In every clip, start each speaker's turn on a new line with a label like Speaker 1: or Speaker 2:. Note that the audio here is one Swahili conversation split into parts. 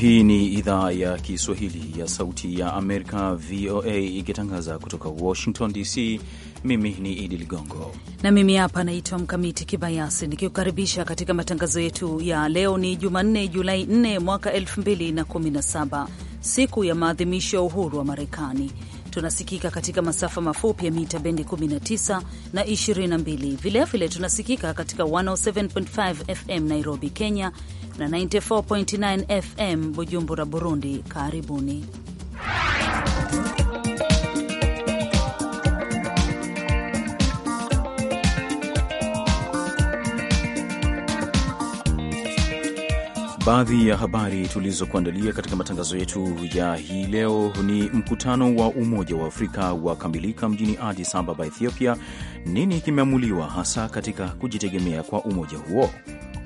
Speaker 1: Hii ni idhaa ya Kiswahili ya Sauti ya Amerika, VOA, ikitangaza kutoka Washington DC. Mimi ni Idi Ligongo
Speaker 2: na mimi hapa naitwa Mkamiti Kibayasi, nikikukaribisha katika matangazo yetu ya leo. Ni Jumanne, Julai 4 mwaka 2017, siku ya maadhimisho ya uhuru wa Marekani. Tunasikika katika masafa mafupi ya mita bendi 19 na 22. Vilevile tunasikika katika 107.5 FM Nairobi, Kenya na 94.9 FM Bujumbura, Burundi. Karibuni.
Speaker 1: Baadhi ya habari tulizokuandalia katika matangazo yetu ya hii leo ni mkutano wa Umoja wa Afrika wakamilika mjini Addis Ababa, Ethiopia. Nini kimeamuliwa hasa katika kujitegemea kwa umoja huo?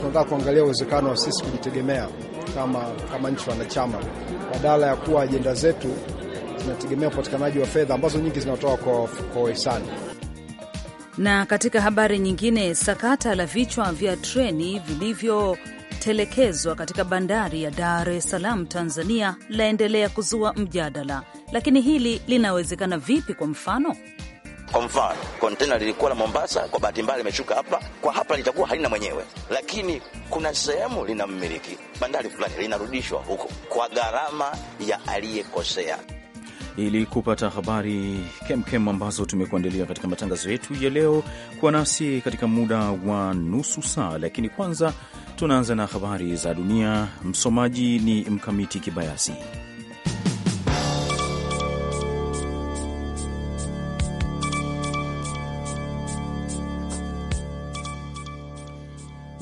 Speaker 3: tunataka kuangalia uwezekano wa sisi kujitegemea kama, kama nchi wanachama badala ya kuwa ajenda zetu zinategemea upatikanaji wa fedha ambazo nyingi zinatoka kwa wahisani.
Speaker 2: Na katika habari nyingine, sakata la vichwa vya treni vilivyotelekezwa katika bandari ya Dar es Salaam, Tanzania, laendelea kuzua mjadala. Lakini hili linawezekana vipi? Kwa mfano
Speaker 4: kwa mfano, kontena lilikuwa la Mombasa, kwa bahati mbaya limeshuka hapa, kwa hapa litakuwa halina mwenyewe, lakini kuna sehemu lina mmiliki, bandari fulani linarudishwa huko kwa gharama ya aliyekosea.
Speaker 1: Ili kupata habari kemkem ambazo tumekuandalia katika matangazo yetu ya leo, kuwa nasi katika muda wa nusu saa. Lakini kwanza tunaanza na habari za dunia. Msomaji ni Mkamiti Kibayasi.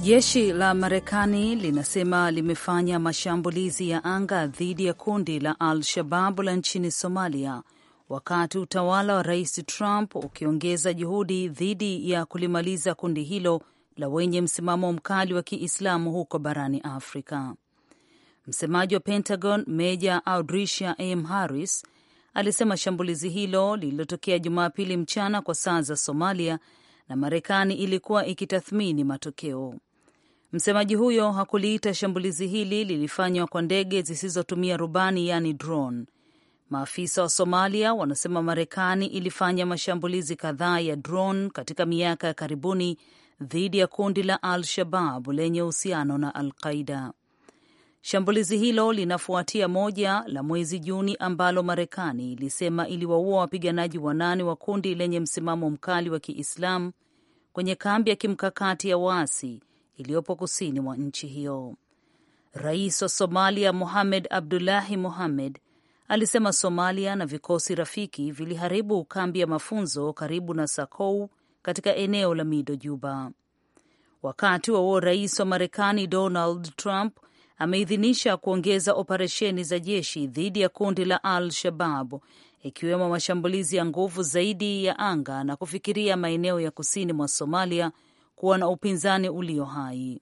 Speaker 2: Jeshi la Marekani linasema limefanya mashambulizi ya anga dhidi ya kundi la Al-Shabab la nchini Somalia, wakati utawala wa Rais Trump ukiongeza juhudi dhidi ya kulimaliza kundi hilo la wenye msimamo mkali wa Kiislamu huko barani Afrika. Msemaji wa Pentagon Meja Audricia M. Harris alisema shambulizi hilo lililotokea Jumapili mchana kwa saa za Somalia na Marekani ilikuwa ikitathmini matokeo. Msemaji huyo hakuliita shambulizi hili lilifanywa kwa ndege zisizotumia rubani, yani drone. Maafisa wa Somalia wanasema Marekani ilifanya mashambulizi kadhaa ya drone katika miaka ya karibuni dhidi ya kundi la Al-Shabab lenye uhusiano na Al-Qaida. Shambulizi hilo linafuatia moja la mwezi Juni ambalo Marekani ilisema iliwaua wapiganaji wanane wa kundi lenye msimamo mkali wa Kiislamu kwenye kambi ya kimkakati ya waasi iliyopo kusini mwa nchi hiyo. Rais wa Somalia Mohamed Abdullahi Mohamed alisema Somalia na vikosi rafiki viliharibu kambi ya mafunzo karibu na Sakou katika eneo la Mido Juba. Wakati wauo rais wa Marekani Donald Trump ameidhinisha kuongeza operesheni za jeshi dhidi ya kundi la Al Shabab, ikiwemo mashambulizi ya nguvu zaidi ya anga na kufikiria maeneo ya kusini mwa Somalia kuwa na upinzani ulio hai.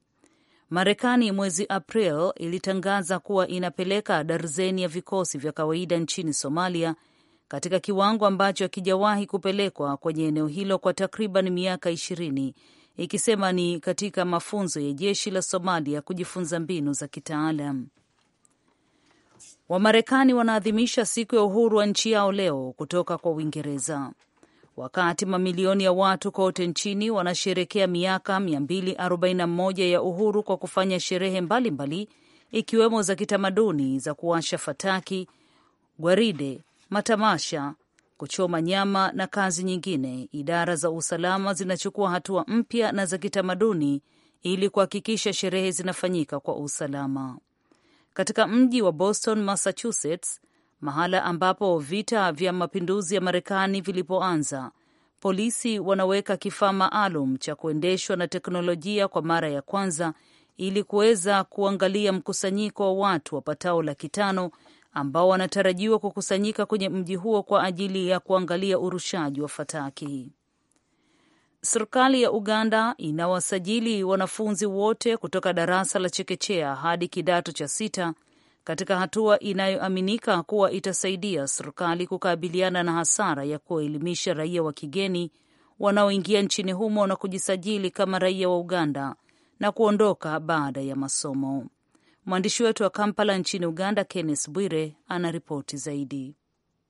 Speaker 2: Marekani mwezi April ilitangaza kuwa inapeleka darzeni ya vikosi vya kawaida nchini Somalia katika kiwango ambacho hakijawahi kupelekwa kwenye eneo hilo kwa takriban miaka ishirini, ikisema ni katika mafunzo ya jeshi la Somalia kujifunza mbinu za kitaalam. Wamarekani wanaadhimisha siku ya uhuru wa nchi yao leo kutoka kwa Uingereza wakati mamilioni ya watu kote nchini wanasherekea miaka 241 ya uhuru kwa kufanya sherehe mbalimbali ikiwemo za kitamaduni za kuwasha fataki, gwaride, matamasha, kuchoma nyama na kazi nyingine. Idara za usalama zinachukua hatua mpya na za kitamaduni ili kuhakikisha sherehe zinafanyika kwa usalama. Katika mji wa Boston, Massachusetts, mahala ambapo vita vya mapinduzi ya Marekani vilipoanza, polisi wanaweka kifaa maalum cha kuendeshwa na teknolojia kwa mara ya kwanza ili kuweza kuangalia mkusanyiko wa watu wapatao laki tano ambao wanatarajiwa kukusanyika kwenye mji huo kwa ajili ya kuangalia urushaji wa fataki. Serikali ya Uganda inawasajili wanafunzi wote kutoka darasa la chekechea hadi kidato cha sita katika hatua inayoaminika kuwa itasaidia serikali kukabiliana na hasara ya kuwaelimisha raia wa kigeni wanaoingia nchini humo na kujisajili kama raia wa Uganda na kuondoka baada ya masomo. Mwandishi wetu wa Kampala nchini Uganda, Kenneth Bwire anaripoti zaidi.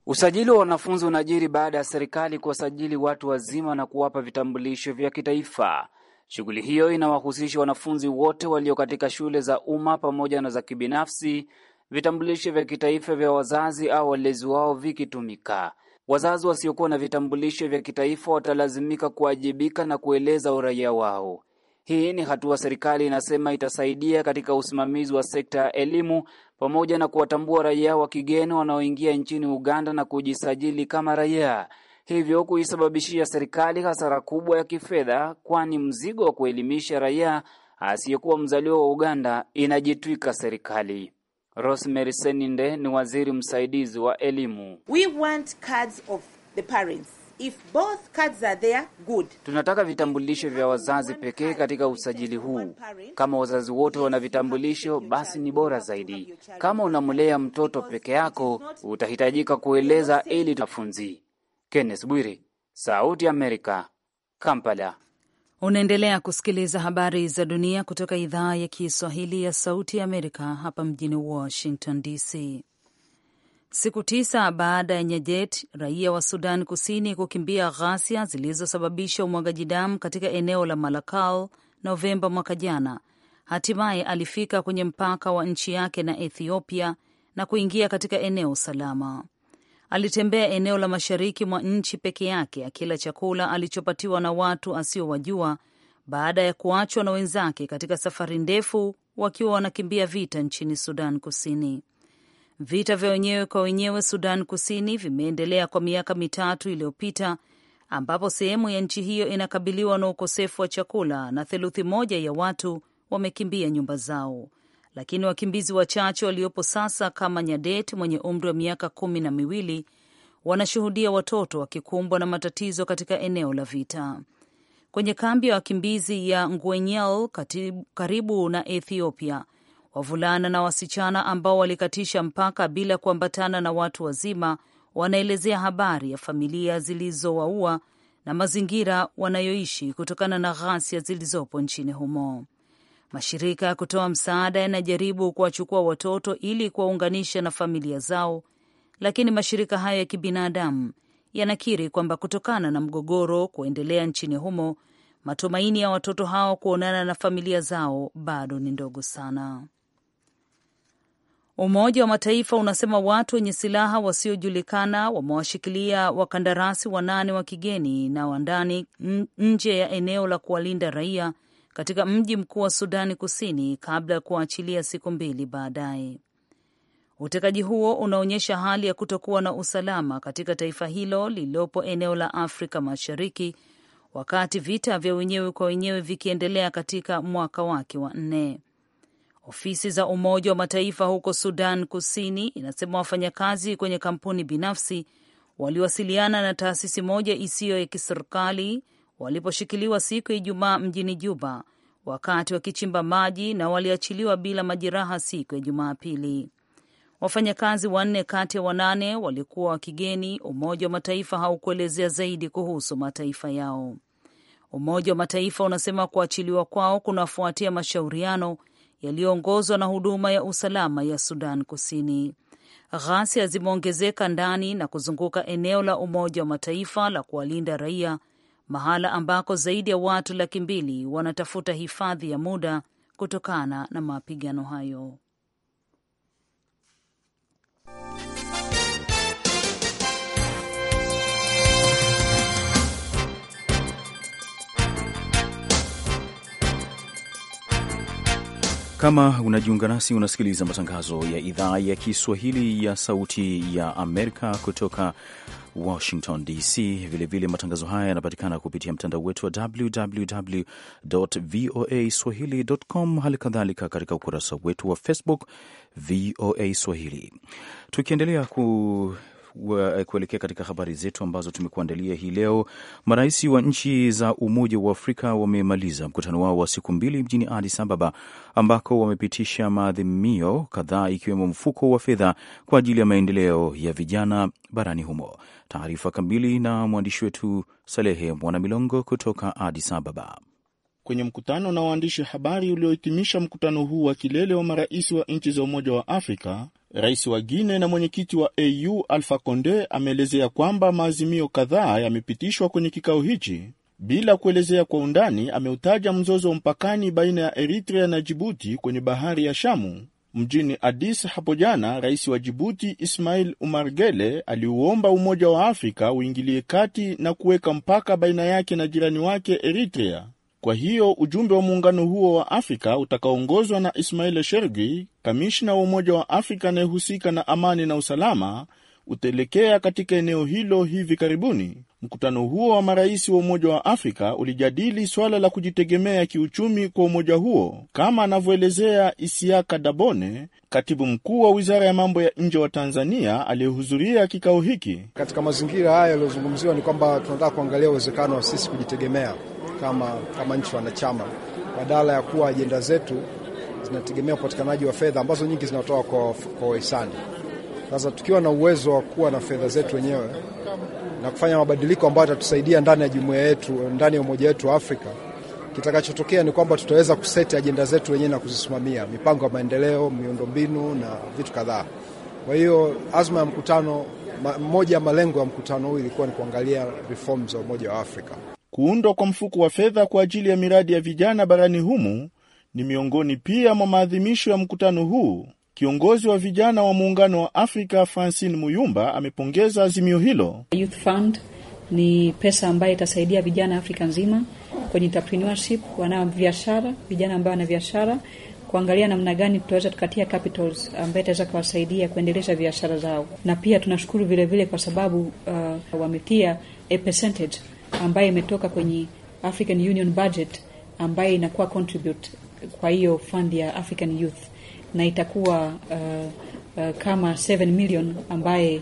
Speaker 5: Usajili wa wanafunzi unajiri baada ya serikali kuwasajili watu wazima na kuwapa vitambulisho vya kitaifa Shughuli hiyo inawahusisha wanafunzi wote walio katika shule za umma pamoja na za kibinafsi, vitambulisho vya kitaifa vya wazazi au walezi wao vikitumika. Wazazi wasiokuwa na vitambulisho vya kitaifa watalazimika kuwajibika na kueleza uraia wao. Hii ni hatua serikali inasema itasaidia katika usimamizi wa sekta ya elimu pamoja na kuwatambua raia wa kigeni wanaoingia nchini Uganda na kujisajili kama raia hivyo kuisababishia serikali hasara kubwa ya kifedha, kwani mzigo wa kuelimisha raia asiyekuwa mzaliwa wa Uganda inajitwika serikali. Rosemary Seninde ni waziri msaidizi wa elimu.
Speaker 2: We want cards of the parents. If both cards are there,
Speaker 5: good. Tunataka vitambulisho vya wazazi pekee katika usajili huu. Kama wazazi wote wana vitambulisho, basi ni bora zaidi. Kama unamlea mtoto peke yako, utahitajika kueleza ili tafunzi. Kenneth Bwire, Sauti Amerika, Kampala.
Speaker 2: Unaendelea kusikiliza habari za dunia kutoka idhaa ya Kiswahili ya Sauti ya Amerika hapa mjini Washington DC. Siku tisa baada ya Nyejet, raia wa Sudan Kusini, kukimbia ghasia zilizosababisha umwagaji damu katika eneo la Malakal Novemba mwaka jana, hatimaye alifika kwenye mpaka wa nchi yake na Ethiopia na kuingia katika eneo salama. Alitembea eneo la mashariki mwa nchi peke yake akila chakula alichopatiwa na watu asiowajua baada ya kuachwa na wenzake katika safari ndefu wakiwa wanakimbia vita nchini Sudan Kusini. Vita vya wenyewe kwa wenyewe Sudan Kusini vimeendelea kwa miaka mitatu iliyopita, ambapo sehemu ya nchi hiyo inakabiliwa na ukosefu wa chakula na theluthi moja ya watu wamekimbia nyumba zao lakini wakimbizi wachache waliopo sasa kama Nyadet mwenye umri wa miaka kumi na miwili wanashuhudia watoto wakikumbwa na matatizo katika eneo la vita. Kwenye kambi ya wakimbizi ya Nguenyel karibu na Ethiopia, wavulana na wasichana ambao walikatisha mpaka bila kuambatana na watu wazima wanaelezea habari ya familia zilizowaua na mazingira wanayoishi kutokana na ghasia zilizopo nchini humo. Mashirika ya kutoa msaada yanajaribu kuwachukua watoto ili kuwaunganisha na familia zao, lakini mashirika hayo ya kibinadamu yanakiri kwamba kutokana na mgogoro kuendelea nchini humo, matumaini ya watoto hao kuonana na familia zao bado ni ndogo sana. Umoja wa Mataifa unasema watu wenye silaha wasiojulikana wamewashikilia wakandarasi wanane wa kigeni na wa ndani nje ya eneo la kuwalinda raia katika mji mkuu wa Sudani Kusini kabla ya kuwaachilia siku mbili baadaye. Utekaji huo unaonyesha hali ya kutokuwa na usalama katika taifa hilo lililopo eneo la Afrika Mashariki, wakati vita vya wenyewe kwa wenyewe vikiendelea katika mwaka wake wa nne. Ofisi za Umoja wa Mataifa huko Sudan Kusini inasema wafanyakazi kwenye kampuni binafsi waliwasiliana na taasisi moja isiyo ya kiserikali waliposhikiliwa siku ya Ijumaa mjini Juba wakati wakichimba maji na waliachiliwa bila majeraha siku ya Jumapili. Wafanyakazi wanne kati ya wanane walikuwa wa kigeni. Umoja wa Mataifa haukuelezea zaidi kuhusu mataifa yao. Umoja wa Mataifa unasema kuachiliwa kwao kunafuatia mashauriano yaliyoongozwa na huduma ya usalama ya Sudan Kusini. Ghasia zimeongezeka ndani na kuzunguka eneo la Umoja wa Mataifa la kuwalinda raia mahala ambako zaidi ya watu laki mbili wanatafuta hifadhi ya muda kutokana na mapigano hayo.
Speaker 1: Kama unajiunga nasi, unasikiliza matangazo ya idhaa ya Kiswahili ya Sauti ya Amerika kutoka Washington DC. Vilevile matangazo haya yanapatikana kupitia mtandao wetu wa www voa swahilicom, hali kadhalika katika ukurasa wetu wa Facebook VOA Swahili. Tukiendelea ku Eh, kuelekea katika habari zetu ambazo tumekuandalia hii leo, marais wa nchi za Umoja wa Afrika wamemaliza mkutano wao wa siku mbili mjini Addis Ababa, ambako wamepitisha maadhimio kadhaa ikiwemo mfuko wa fedha kwa ajili ya maendeleo ya vijana barani humo. Taarifa kamili na mwandishi wetu Salehe Mwanamilongo kutoka Addis Ababa.
Speaker 3: Kwenye mkutano na waandishi habari uliohitimisha mkutano huu wa kilele wa marais wa nchi za Umoja wa Afrika,
Speaker 1: rais wa Guine
Speaker 3: na mwenyekiti wa AU Alpha Conde ameelezea kwamba maazimio kadhaa yamepitishwa kwenye kikao hichi. Bila kuelezea kwa undani, ameutaja mzozo wa mpakani baina ya Eritrea na Jibuti kwenye bahari ya Shamu. Mjini Addis hapo jana, rais wa Jibuti Ismail Umar Gele aliuomba Umoja wa Afrika uingilie kati na kuweka mpaka baina yake na jirani wake Eritrea. Kwa hiyo ujumbe wa muungano huo wa Afrika utakaoongozwa na Ismail Shergi, kamishna wa Umoja wa Afrika anayehusika na amani na usalama, utaelekea katika eneo hilo hivi karibuni Mkutano huo wa marais wa Umoja wa Afrika ulijadili swala la kujitegemea kiuchumi kwa umoja huo, kama anavyoelezea Isiaka Dabone, katibu mkuu wa wizara ya mambo ya nje wa Tanzania aliyehudhuria kikao hiki. Katika mazingira haya yaliyozungumziwa, ni kwamba tunataka kuangalia uwezekano wa sisi kujitegemea kama, kama nchi wanachama, badala ya kuwa ajenda zetu zinategemea upatikanaji wa fedha ambazo nyingi zinatoka kwa wahisani kwa sasa tukiwa na uwezo wa kuwa na fedha zetu wenyewe na kufanya mabadiliko ambayo yatatusaidia ndani ya jumuiya yetu, ndani ya umoja wetu wa Afrika, kitakachotokea ni kwamba tutaweza kuseti ajenda zetu wenyewe na kuzisimamia, mipango ya maendeleo, miundombinu na vitu kadhaa. Kwa hiyo azma ya mkutano, moja ya malengo ya mkutano huu ilikuwa ni kuangalia reforms za umoja wa Afrika. Kuundwa kwa mfuko wa fedha kwa ajili ya miradi ya vijana barani humu ni miongoni pia mwa maadhimisho ya mkutano huu Kiongozi wa vijana wa Muungano wa Afrika Francine Muyumba amepongeza azimio hilo.
Speaker 2: Youth Fund ni pesa ambayo itasaidia vijana Afrika nzima kwenye entrepreneurship, wana biashara, vijana ambao wana biashara kuangalia namna gani tutaweza tukatia capitals ambayo itaweza kuwasaidia kuendelesha biashara zao, na pia tunashukuru vilevile vile kwa sababu uh, wametia a percentage ambayo imetoka kwenye African Union budget ambayo inakuwa contribute kwa hiyo fund ya African Youth na itakuwa uh, uh, kama 7 million ambaye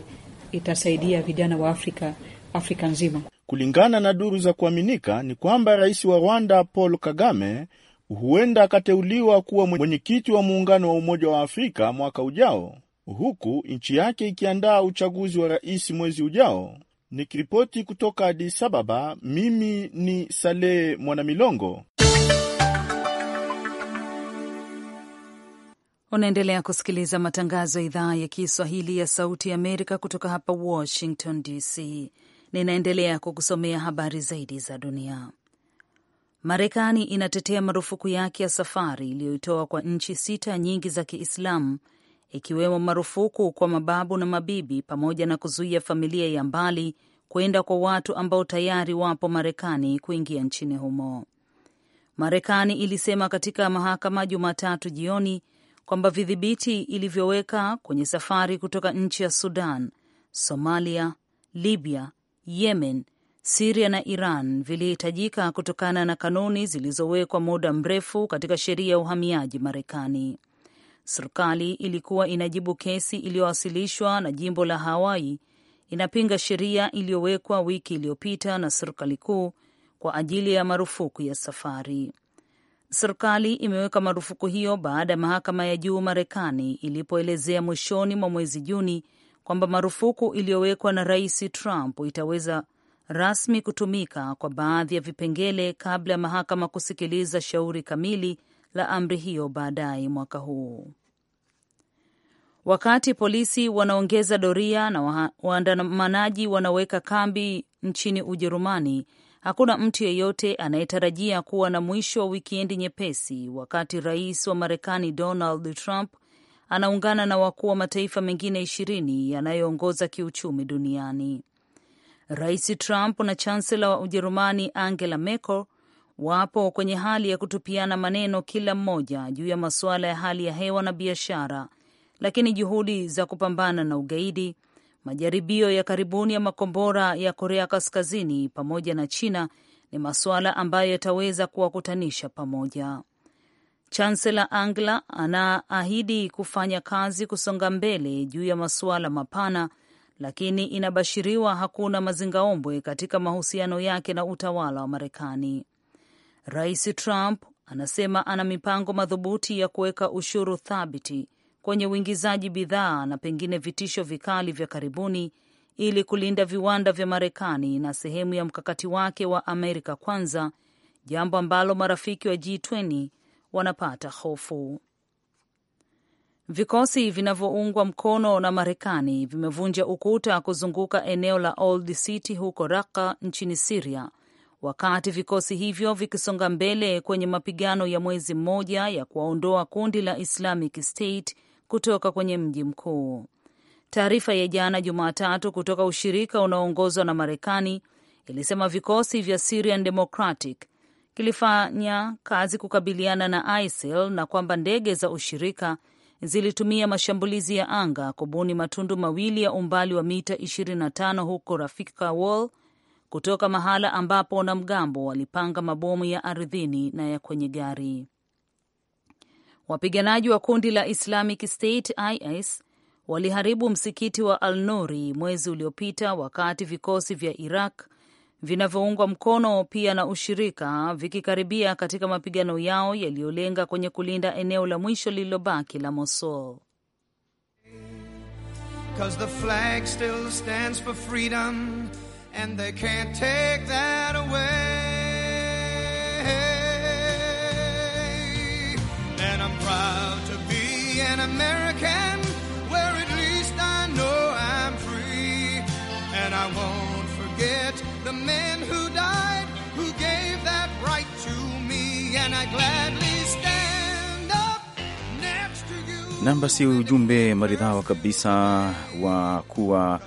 Speaker 2: itasaidia vijana wa Afrika Afrika nzima.
Speaker 3: Kulingana na duru za kuaminika ni kwamba rais wa Rwanda Paul Kagame huenda akateuliwa kuwa mwenyekiti wa muungano wa Umoja wa Afrika mwaka ujao, huku nchi yake ikiandaa uchaguzi wa rais mwezi ujao. Nikiripoti kutoka Addis Ababa, mimi ni Saleh Mwanamilongo.
Speaker 2: Unaendelea kusikiliza matangazo ya idhaa ya Kiswahili ya Sauti ya Amerika kutoka hapa Washington DC. Ninaendelea kukusomea habari zaidi za dunia. Marekani inatetea marufuku yake ya safari iliyoitoa kwa nchi sita nyingi za Kiislamu, ikiwemo marufuku kwa mababu na mabibi, pamoja na kuzuia familia ya mbali kwenda kwa watu ambao tayari wapo Marekani kuingia nchini humo. Marekani ilisema katika mahakama Jumatatu jioni kwamba vidhibiti ilivyoweka kwenye safari kutoka nchi ya Sudan, Somalia, Libya, Yemen, Siria na Iran vilihitajika kutokana na kanuni zilizowekwa muda mrefu katika sheria ya uhamiaji Marekani. Serikali ilikuwa inajibu kesi iliyowasilishwa na jimbo la Hawaii inapinga sheria iliyowekwa wiki iliyopita na serikali kuu kwa ajili ya marufuku ya safari. Serikali imeweka marufuku hiyo baada ya mahakama ya juu Marekani ilipoelezea mwishoni mwa mwezi Juni kwamba marufuku iliyowekwa na Rais Trump itaweza rasmi kutumika kwa baadhi ya vipengele kabla ya mahakama kusikiliza shauri kamili la amri hiyo baadaye mwaka huu. Wakati polisi wanaongeza doria na waandamanaji wanaweka kambi nchini Ujerumani Hakuna mtu yeyote anayetarajia kuwa na mwisho wa wikiendi nyepesi wakati rais wa Marekani Donald Trump anaungana na wakuu wa mataifa mengine ishirini yanayoongoza kiuchumi duniani. Rais Trump na chansela wa Ujerumani Angela Merkel wapo kwenye hali ya kutupiana maneno kila mmoja juu ya masuala ya hali ya hewa na biashara, lakini juhudi za kupambana na ugaidi Majaribio ya karibuni ya makombora ya Korea Kaskazini pamoja na China ni masuala ambayo yataweza kuwakutanisha pamoja. Chansela Angela anaahidi kufanya kazi kusonga mbele juu ya masuala mapana, lakini inabashiriwa hakuna mazingaombwe katika mahusiano yake na utawala wa Marekani. Rais Trump anasema ana mipango madhubuti ya kuweka ushuru thabiti kwenye uingizaji bidhaa na pengine vitisho vikali vya karibuni ili kulinda viwanda vya Marekani na sehemu ya mkakati wake wa Amerika Kwanza, jambo ambalo marafiki wa G20 wanapata hofu. Vikosi vinavyoungwa mkono na Marekani vimevunja ukuta kuzunguka eneo la Old City huko Raqqa nchini Siria, wakati vikosi hivyo vikisonga mbele kwenye mapigano ya mwezi mmoja ya kuwaondoa kundi la Islamic State kutoka kwenye mji mkuu. Taarifa ya jana Jumatatu kutoka ushirika unaoongozwa na Marekani ilisema vikosi vya Syrian Democratic kilifanya kazi kukabiliana na ISIL na kwamba ndege za ushirika zilitumia mashambulizi ya anga kubuni matundu mawili ya umbali wa mita 25 huko Rafika Wall kutoka mahala ambapo wanamgambo walipanga mabomu ya ardhini na ya kwenye gari. Wapiganaji wa kundi la Islamic State IS waliharibu msikiti wa Al-Nuri mwezi uliopita wakati vikosi vya Iraq vinavyoungwa mkono pia na ushirika vikikaribia katika mapigano yao yaliyolenga kwenye kulinda eneo la mwisho lililobaki la Mosul.
Speaker 4: And they can't take that away.
Speaker 2: And I'm proud to
Speaker 1: be an American where at least I know I'm free. And I won't forget the men who died, who gave that right to me. And I gladly stand up next to you. ujumbe maridhawa kabisa wa kuwa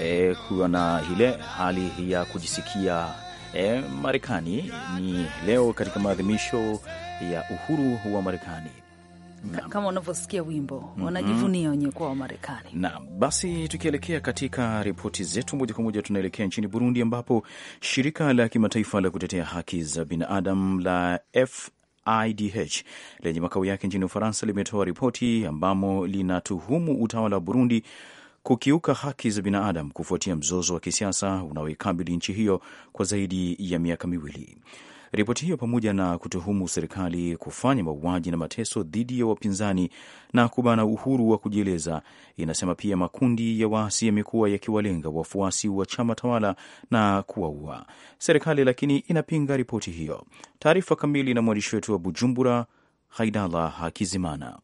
Speaker 1: eh, kuwa na ile hali ya kujisikia e, Marekani ni leo katika maadhimisho ya uhuru wa Marekani
Speaker 2: kama unavyosikia wimbo mm -hmm. Wanajivunia wenyewe kuwa Wamarekani.
Speaker 1: Naam, basi tukielekea katika ripoti zetu moja kwa moja, tunaelekea nchini Burundi ambapo shirika la kimataifa la kutetea haki za binadamu la F IDH lenye makao yake nchini Ufaransa limetoa ripoti ambamo linatuhumu utawala wa Burundi kukiuka haki za binadamu kufuatia mzozo wa kisiasa unaoikabili nchi hiyo kwa zaidi ya miaka miwili. Ripoti hiyo pamoja na kutuhumu serikali kufanya mauaji na mateso dhidi ya wapinzani na kubana uhuru wa kujieleza, inasema pia makundi ya waasi yamekuwa yakiwalenga wafuasi wa chama tawala na kuwaua. Serikali lakini inapinga ripoti hiyo. Taarifa kamili na mwandishi wetu wa Bujumbura, Haidala Hakizimana.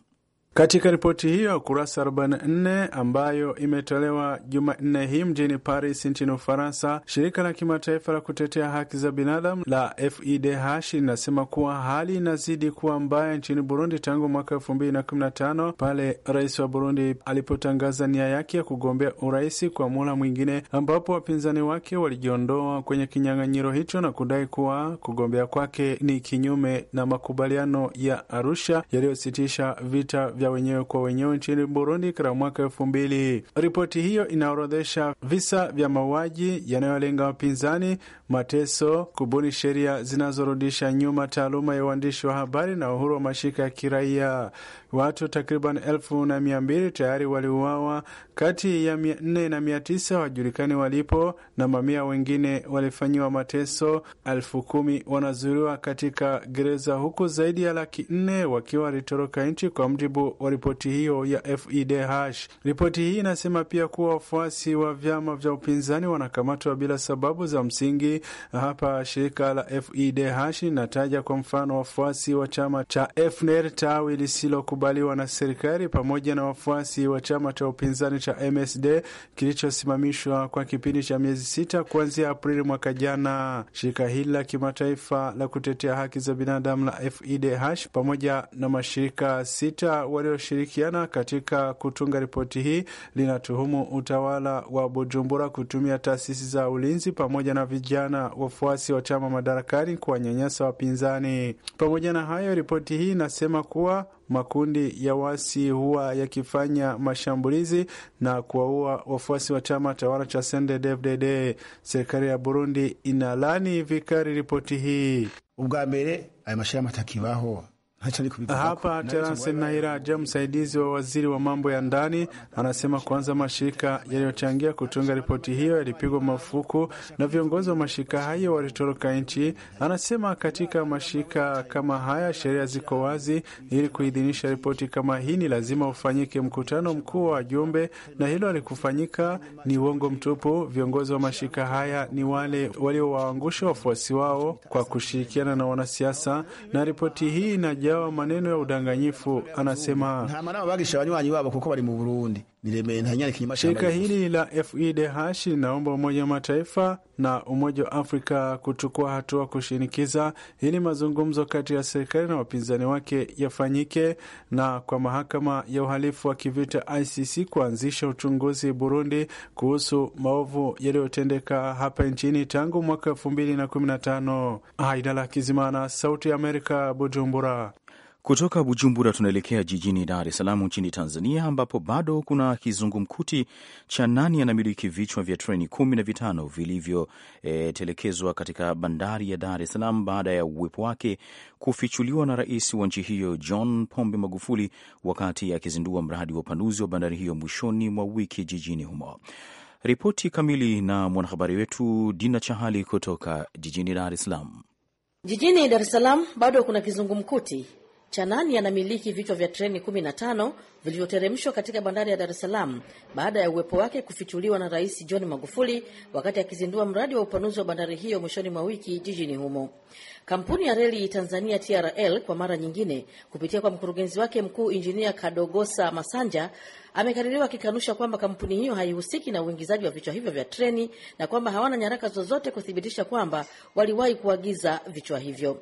Speaker 6: Katika ripoti hiyo kurasa 44 ambayo imetolewa Jumanne hii mjini Paris nchini Ufaransa, shirika la kimataifa la kutetea haki za binadamu la FIDH linasema kuwa hali inazidi kuwa mbaya nchini Burundi tangu mwaka 2015 pale rais wa Burundi alipotangaza nia yake ya kugombea urais kwa muhula mwingine, ambapo wapinzani wake walijiondoa kwenye kinyang'anyiro hicho na kudai kuwa kugombea kwake ni kinyume na makubaliano ya Arusha yaliyositisha vita vya wenyewe kwa wenyewe nchini Burundi katika mwaka elfu mbili. Ripoti hiyo inaorodhesha visa vya mauaji yanayolenga wapinzani, mateso, kubuni sheria zinazorudisha nyuma taaluma ya uandishi wa habari na uhuru wa mashirika ya kiraia. Watu takriban elfu na mia mbili tayari waliuawa, kati ya mia nne na mia tisa wajulikani walipo, na mamia wengine walifanyiwa mateso. Elfu kumi wanazuiliwa katika gereza, huku zaidi ya laki nne wakiwa walitoroka nchi, kwa mjibu wa ripoti hiyo ya FIDH. Ripoti hii inasema pia kuwa wafuasi wa vyama vya upinzani wanakamatwa bila sababu za msingi. Hapa shirika la FIDH linataja kwa mfano wafuasi wa chama cha FNL tawi lisilo kukubaliwa na serikali pamoja na wafuasi wa chama cha upinzani cha MSD kilichosimamishwa kwa kipindi cha miezi sita kuanzia Aprili mwaka jana. Shirika hili la kimataifa la kutetea haki za binadamu la FIDH pamoja na mashirika sita walioshirikiana katika kutunga ripoti hii linatuhumu utawala wa Bujumbura kutumia taasisi za ulinzi pamoja na vijana wafuasi wa chama madarakani kuwanyanyasa wapinzani. Pamoja na hayo, ripoti hii inasema kuwa makundi makundi ya waasi huwa yakifanya mashambulizi na kuwaua wafuasi wa chama tawala cha CNDD-FDD. Serikali ya Burundi inalani vikali ripoti hii. ubwa mbere aya mashirahamwe atakibaho hapa Terence Ja, msaidizi wa waziri wa mambo ya ndani, anasema kwanza mashirika yaliyochangia kutunga ripoti hiyo yalipigwa marufuku na viongozi wa mashirika hayo walitoroka nchi. Anasema katika mashirika kama haya sheria ziko wazi, ili kuidhinisha ripoti kama hii ni lazima ufanyike mkutano mkuu wa wajumbe, na hilo alikufanyika ni uongo mtupu. Viongozi wa mashirika haya ni wale waliowaangusha wafuasi wao kwa kushirikiana na wanasiasa, na ripoti hii inaja yao maneno ya udanganyifu. Anasema shirika hili la FIDH linaomba Umoja wa Mataifa na Umoja wa Afrika kuchukua hatua kushinikiza ili mazungumzo kati ya serikali na wapinzani wake yafanyike, na kwa mahakama ya uhalifu wa kivita ICC kuanzisha uchunguzi Burundi kuhusu maovu yaliyotendeka hapa nchini tangu mwaka 2015. Haidala Kizimana, Sauti ya Amerika, Bujumbura.
Speaker 1: Kutoka Bujumbura tunaelekea jijini Dar es Salaam nchini Tanzania, ambapo bado kuna kizungumkuti cha nani anamiliki vichwa vya treni kumi na vitano vilivyotelekezwa eh, e, katika bandari ya Dar es Salaam baada ya uwepo wake kufichuliwa na rais wa nchi hiyo John Pombe Magufuli wakati akizindua mradi wa upanuzi wa bandari hiyo mwishoni mwa wiki jijini humo. Ripoti kamili na mwanahabari wetu Dina Chahali kutoka jijini Dar es Salaam.
Speaker 7: Jijini Dar es Salaam bado kuna kizungumkuti Chanani anamiliki vichwa vya treni 15 vilivyoteremshwa katika bandari ya Dar es Salaam baada ya uwepo wake kufichuliwa na Rais John Magufuli wakati akizindua mradi wa upanuzi wa bandari hiyo mwishoni mwa wiki jijini humo. Kampuni ya reli Tanzania TRL kwa mara nyingine kupitia kwa mkurugenzi wake mkuu Injinia Kadogosa Masanja amekadiriwa akikanusha kwamba kampuni hiyo haihusiki na uingizaji wa vichwa hivyo vya treni na kwamba hawana nyaraka zozote kuthibitisha kwamba waliwahi kuagiza vichwa hivyo.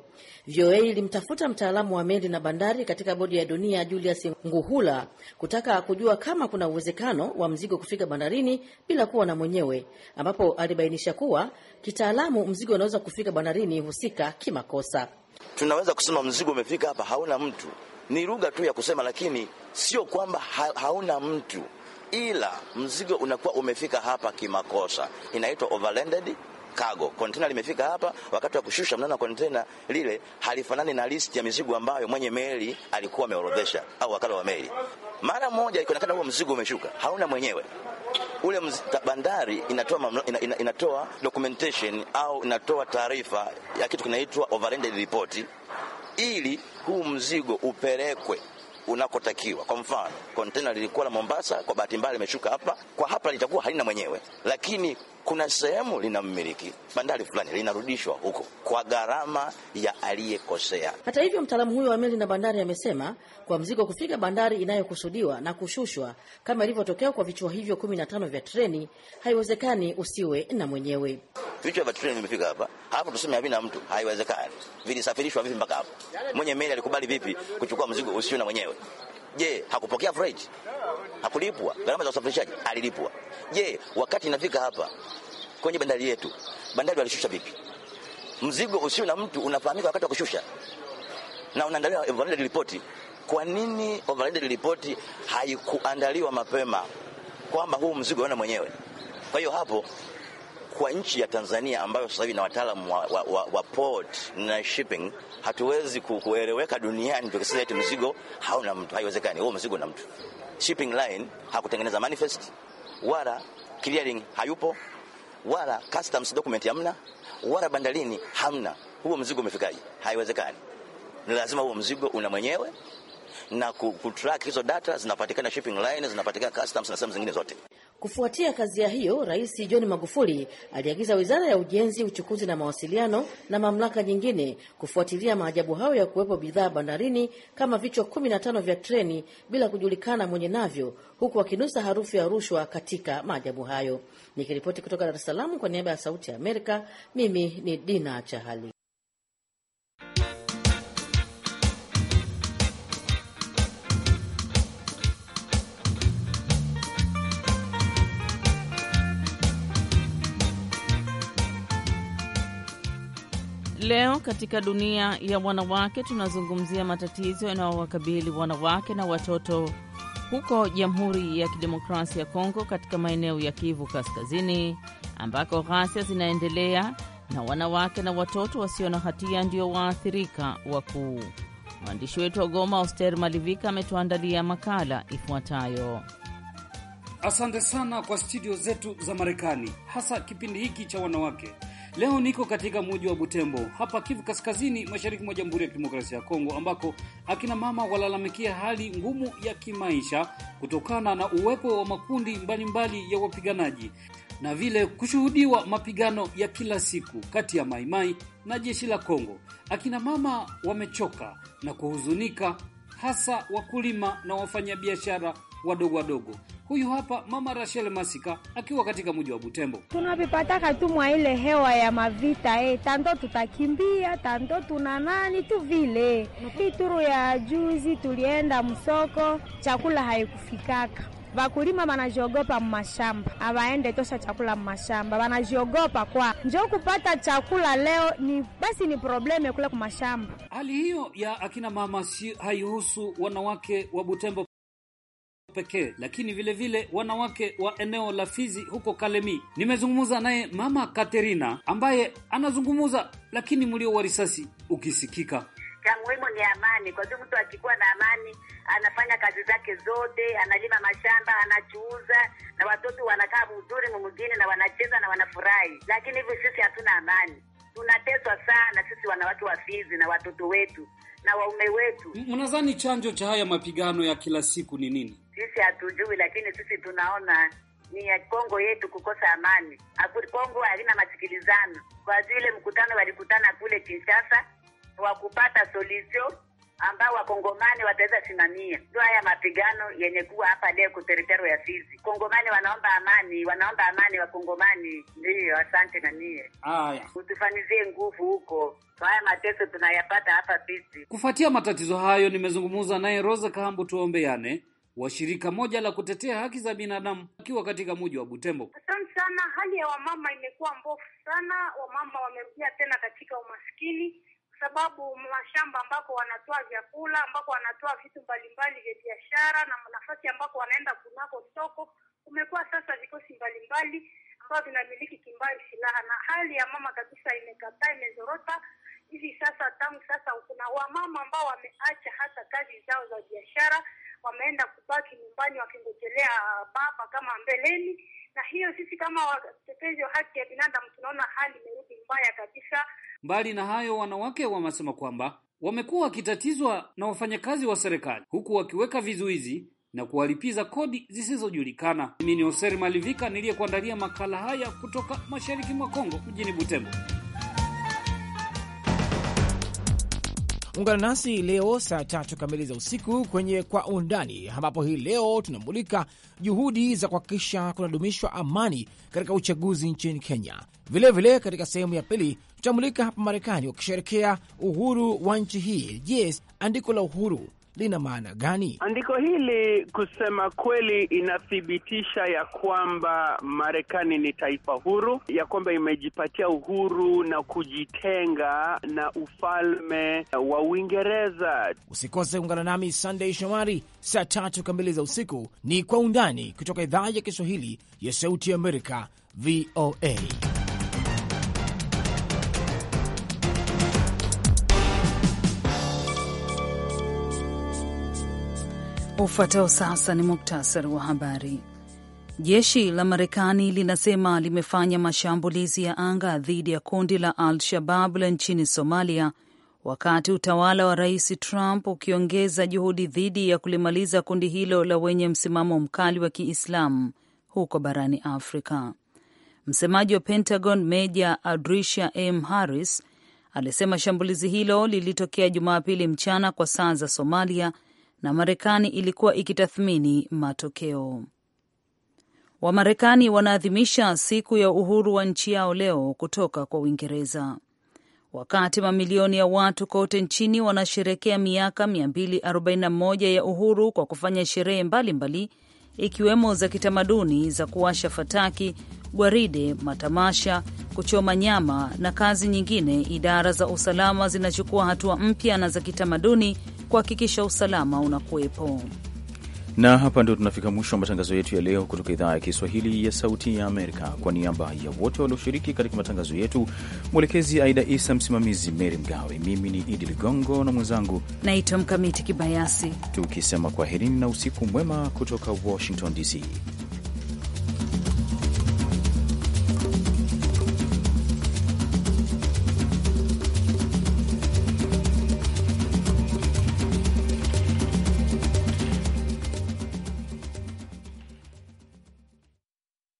Speaker 7: VOA ilimtafuta mtaalamu wa meli na bandari katika bodi ya dunia Julius Nguhula kutaka kujua kama kuna uwezekano wa mzigo kufika bandarini bila kuwa na mwenyewe, ambapo alibainisha kuwa kitaalamu mzigo unaweza kufika bandarini husika makosa.
Speaker 4: Tunaweza kusema mzigo umefika hapa, hauna mtu, ni lugha tu ya kusema, lakini sio kwamba ha hauna mtu, ila mzigo unakuwa umefika hapa kimakosa. Inaitwa overlanded cargo. Kontena limefika hapa, wakati wa kushusha mnana kontena lile halifanani na listi ya mizigo ambayo mwenye meli alikuwa ameorodhesha au wakala wa meli. Mara moja ikionekana huo mzigo umeshuka, hauna mwenyewe ule bandari inatoa, ina, ina, inatoa documentation au inatoa taarifa ya kitu kinaitwa overlanded report ili huu mzigo upelekwe unakotakiwa. Kwa mfano, kontena lilikuwa la Mombasa, kwa bahati mbaya limeshuka hapa, kwa hapa litakuwa halina mwenyewe, lakini kuna sehemu linammiliki bandari fulani linarudishwa huko kwa gharama ya aliyekosea.
Speaker 7: Hata hivyo, mtaalamu huyo wa meli na bandari amesema kwa mzigo kufika bandari inayokusudiwa na kushushwa kama ilivyotokea kwa vichwa hivyo kumi na tano vya treni, haiwezekani usiwe na mwenyewe.
Speaker 4: Vichwa vya treni vimefika hapa hapo, tuseme havina mtu, haiwezekani. Vilisafirishwa vipi mpaka hapo? Mwenye meli alikubali vipi kuchukua mzigo usio na mwenyewe? Je, hakupokea freight? Hakulipwa gharama za usafirishaji? Alilipwa. Je, wakati inafika hapa kwenye bandari yetu, bandari walishusha vipi? Mzigo usio na mtu unafahamika wakati wa kushusha, na unaandaliwa overloaded report. Kwa nini overloaded report haikuandaliwa mapema kwamba huu mzigo wewe mwenyewe? Kwa hiyo hapo kwa nchi ya Tanzania ambayo sasa hivi na wataalamu wa, wa, wa, wa port na shipping, hatuwezi kueleweka duniani tukisema eti mzigo hauna mtu. Haiwezekani, huo mzigo na mtu. Shipping line hakutengeneza manifest wala clearing hayupo wala customs document hamna wala bandarini hamna. Huo mzigo umefikaje? Haiwezekani. Ni lazima huo mzigo una mwenyewe na kutrack hizo data zinapatikana shipping line, zinapatikana customs na sehemu zingine zote.
Speaker 7: Kufuatia kazi ya hiyo, Rais John Magufuli aliagiza Wizara ya Ujenzi, Uchukuzi na Mawasiliano na mamlaka nyingine kufuatilia maajabu hayo ya kuwepo bidhaa bandarini kama vichwa kumi na tano vya treni bila kujulikana mwenye navyo, huku wakinusa harufu ya rushwa katika maajabu hayo. Nikiripoti kutoka Dar es Salaam kwa niaba ya Sauti ya Amerika, mimi ni Dina Chahali. leo katika dunia ya wanawake tunazungumzia matatizo yanayowakabili wanawake na watoto huko Jamhuri ya Kidemokrasia ya Kongo, katika maeneo ya Kivu Kaskazini ambako ghasia zinaendelea na wanawake na watoto wasio na hatia ndio waathirika wakuu. Mwandishi wetu wa Goma, Oster Malivika, ametuandalia makala ifuatayo.
Speaker 8: Asante sana kwa studio zetu za Marekani, hasa kipindi hiki cha wanawake Leo niko katika mji wa Butembo hapa Kivu Kaskazini, mashariki mwa Jamhuri ya Kidemokrasia ya Kongo, ambako akina mama walalamikia hali ngumu ya kimaisha kutokana na uwepo wa makundi mbalimbali mbali ya wapiganaji na vile kushuhudiwa mapigano ya kila siku kati ya Maimai na jeshi la Kongo. Akina mama wamechoka na kuhuzunika, hasa wakulima na wafanyabiashara wadogo wadogo. Huyu hapa mama Rachel Masika akiwa katika mji wa Butembo.
Speaker 2: tunavipataka tu mwa ile hewa ya mavita eh, tando tutakimbia tando tuna nani tu vile vituru ya juzi tulienda msoko, chakula haikufikaka Vakulima vanajiogopa mumashamba, avaende tosha chakula mumashamba, vanajiogopa kwa njo kupata chakula leo ni basi ni probleme kule kumashamba. Hali hiyo
Speaker 8: ya akina mama si haihusu wanawake wa Butembo pekee, lakini vile vile wanawake wa eneo la Fizi huko Kalemi. Nimezungumza naye mama Katerina ambaye anazungumza, lakini mlio wa risasi ukisikika.
Speaker 6: Cha muhimu ni amani,
Speaker 7: kwa sababu mtu akikuwa na amani anafanya kazi zake zote, analima mashamba, anachuuza na watoto wanakaa mzuri mumugine na wanacheza na wanafurahi. Lakini hivi sisi hatuna amani, tunateswa sana sisi wanawake wa Fizi na watoto wetu na waume wetu. Mnadhani
Speaker 8: chanjo cha haya mapigano ya kila siku ni nini?
Speaker 7: sisi hatujui, lakini sisi tunaona ni ya Kongo yetu kukosa amani. Kongo halina masikilizano kwa zile mkutano walikutana kule Kinshasa wa kupata solution ambao wakongomani wataweza simamia, ndio haya mapigano yenye kuwa hapa leo kuteritero ya Fizi. Kongomani wanaomba amani, wanaomba amani wakongomani. ndio asante na mie utufanizie nguvu huko, haya mateso tunayapata hapa Fizi.
Speaker 8: Kufuatia matatizo hayo, nimezungumza naye Rosa Kahambu, tuombeane wa shirika moja la kutetea haki za binadamu akiwa katika mji wa Butembo. Asante sana. Hali ya wamama imekuwa mbovu sana, wamama wamerudia tena katika umaskini sababu mashamba ambako wanatoa vyakula ambako wanatoa vitu mbalimbali vya biashara na nafasi ambako wanaenda kunako soko, kumekuwa sasa vikosi mbalimbali ambavyo vinamiliki kimbali silaha, na hali ya mama kabisa imekataa, imezorota hivi sasa. Tangu sasa kuna wamama ambao wameacha hata kazi zao za biashara wameenda kubaki nyumbani wakingojelea baba kama mbeleni, na hiyo sisi kama watetezi wa haki ya binadamu tunaona hali imerudi mbaya kabisa. Mbali na hayo, wanawake wamesema kwamba wamekuwa wakitatizwa na wafanyakazi wa serikali huku wakiweka vizuizi na kuwalipiza kodi zisizojulikana. Mimi ni Hoseri Malivika niliyekuandalia makala haya kutoka mashariki mwa Kongo mjini Butembo.
Speaker 1: Ungana nasi leo saa tatu kamili za usiku kwenye Kwa Undani, ambapo hii leo tunamulika juhudi za kuhakikisha kunadumishwa amani katika uchaguzi nchini Kenya. Vilevile vile katika sehemu ya pili tutamulika hapa Marekani wakisherekea uhuru wa nchi hii. Je, yes, andiko la uhuru lina maana gani?
Speaker 3: Andiko hili kusema kweli, inathibitisha ya kwamba Marekani ni taifa huru, ya kwamba imejipatia uhuru na kujitenga
Speaker 1: na ufalme wa Uingereza. Usikose kuungana nami Sunday Shomari saa tatu kamili za usiku. Ni Kwa Undani kutoka idhaa ya Kiswahili ya Sauti ya Amerika, VOA.
Speaker 2: Ufuatao sasa ni muktasari wa habari. Jeshi la Marekani linasema limefanya mashambulizi ya anga dhidi ya kundi la Al-Shabab la nchini Somalia, wakati utawala wa Rais Trump ukiongeza juhudi dhidi ya kulimaliza kundi hilo la wenye msimamo mkali wa Kiislamu huko barani Afrika. Msemaji wa Pentagon Meja Adrisha M Harris alisema shambulizi hilo lilitokea Jumapili mchana kwa saa za Somalia na Marekani ilikuwa ikitathmini matokeo. Wamarekani wanaadhimisha siku ya uhuru wa nchi yao leo kutoka kwa Uingereza, wakati mamilioni ya watu kote nchini wanasherekea miaka 241 ya uhuru kwa kufanya sherehe mbalimbali ikiwemo za kitamaduni za kuwasha fataki, gwaride, matamasha, kuchoma nyama na kazi nyingine. Idara za usalama zinachukua hatua mpya na za kitamaduni kuhakikisha usalama unakuwepo.
Speaker 1: Na hapa ndio tunafika mwisho wa matangazo yetu ya leo kutoka idhaa ya Kiswahili ya Sauti ya Amerika. Kwa niaba ya wote walioshiriki katika matangazo yetu, mwelekezi Aida Isa, msimamizi mary Mgawe, mimi ni Idi Ligongo na mwenzangu
Speaker 2: naitwa Mkamiti Kibayasi,
Speaker 1: tukisema kwaherini na usiku mwema kutoka Washington DC.